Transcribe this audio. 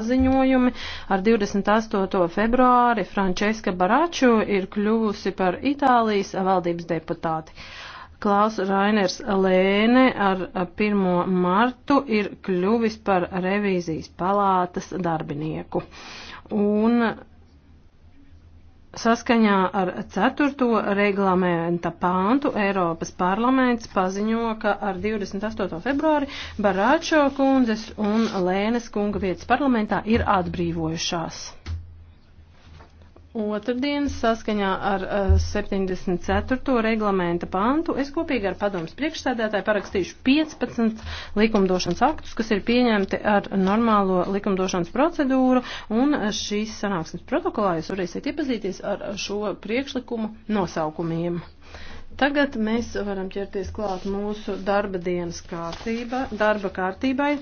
paziņojumi. Ar 28. februāri Frančeska Baraču ir kļuvusi par Itālijas valdības deputāti. Klaus Rainers Lēne ar 1. martu ir kļuvis par revīzijas palātas darbinieku. Un saskaņā ar 4. reglamenta pāntu Eiropas parlaments paziņo, ka ar 28. februāri Barāčo kundzes un Lēnes kunga vietas parlamentā ir atbrīvojušās. Otradien saskaņā ar 74. Eh, reglamenta pantu es kopīgi ar padomus priekšsēdētāju parakstīšu 15 likumdošanas aktus, kas ir pieņemti ar normālo likumdošanas procedūru, un šīs sanāksmes protokolā jūs varēsiet iepazīties ar šo priekšlikumu nosaukumiem. Tagad mēs varam ķerties klāt mūsu darba dienas kārtība, darba kārtībai.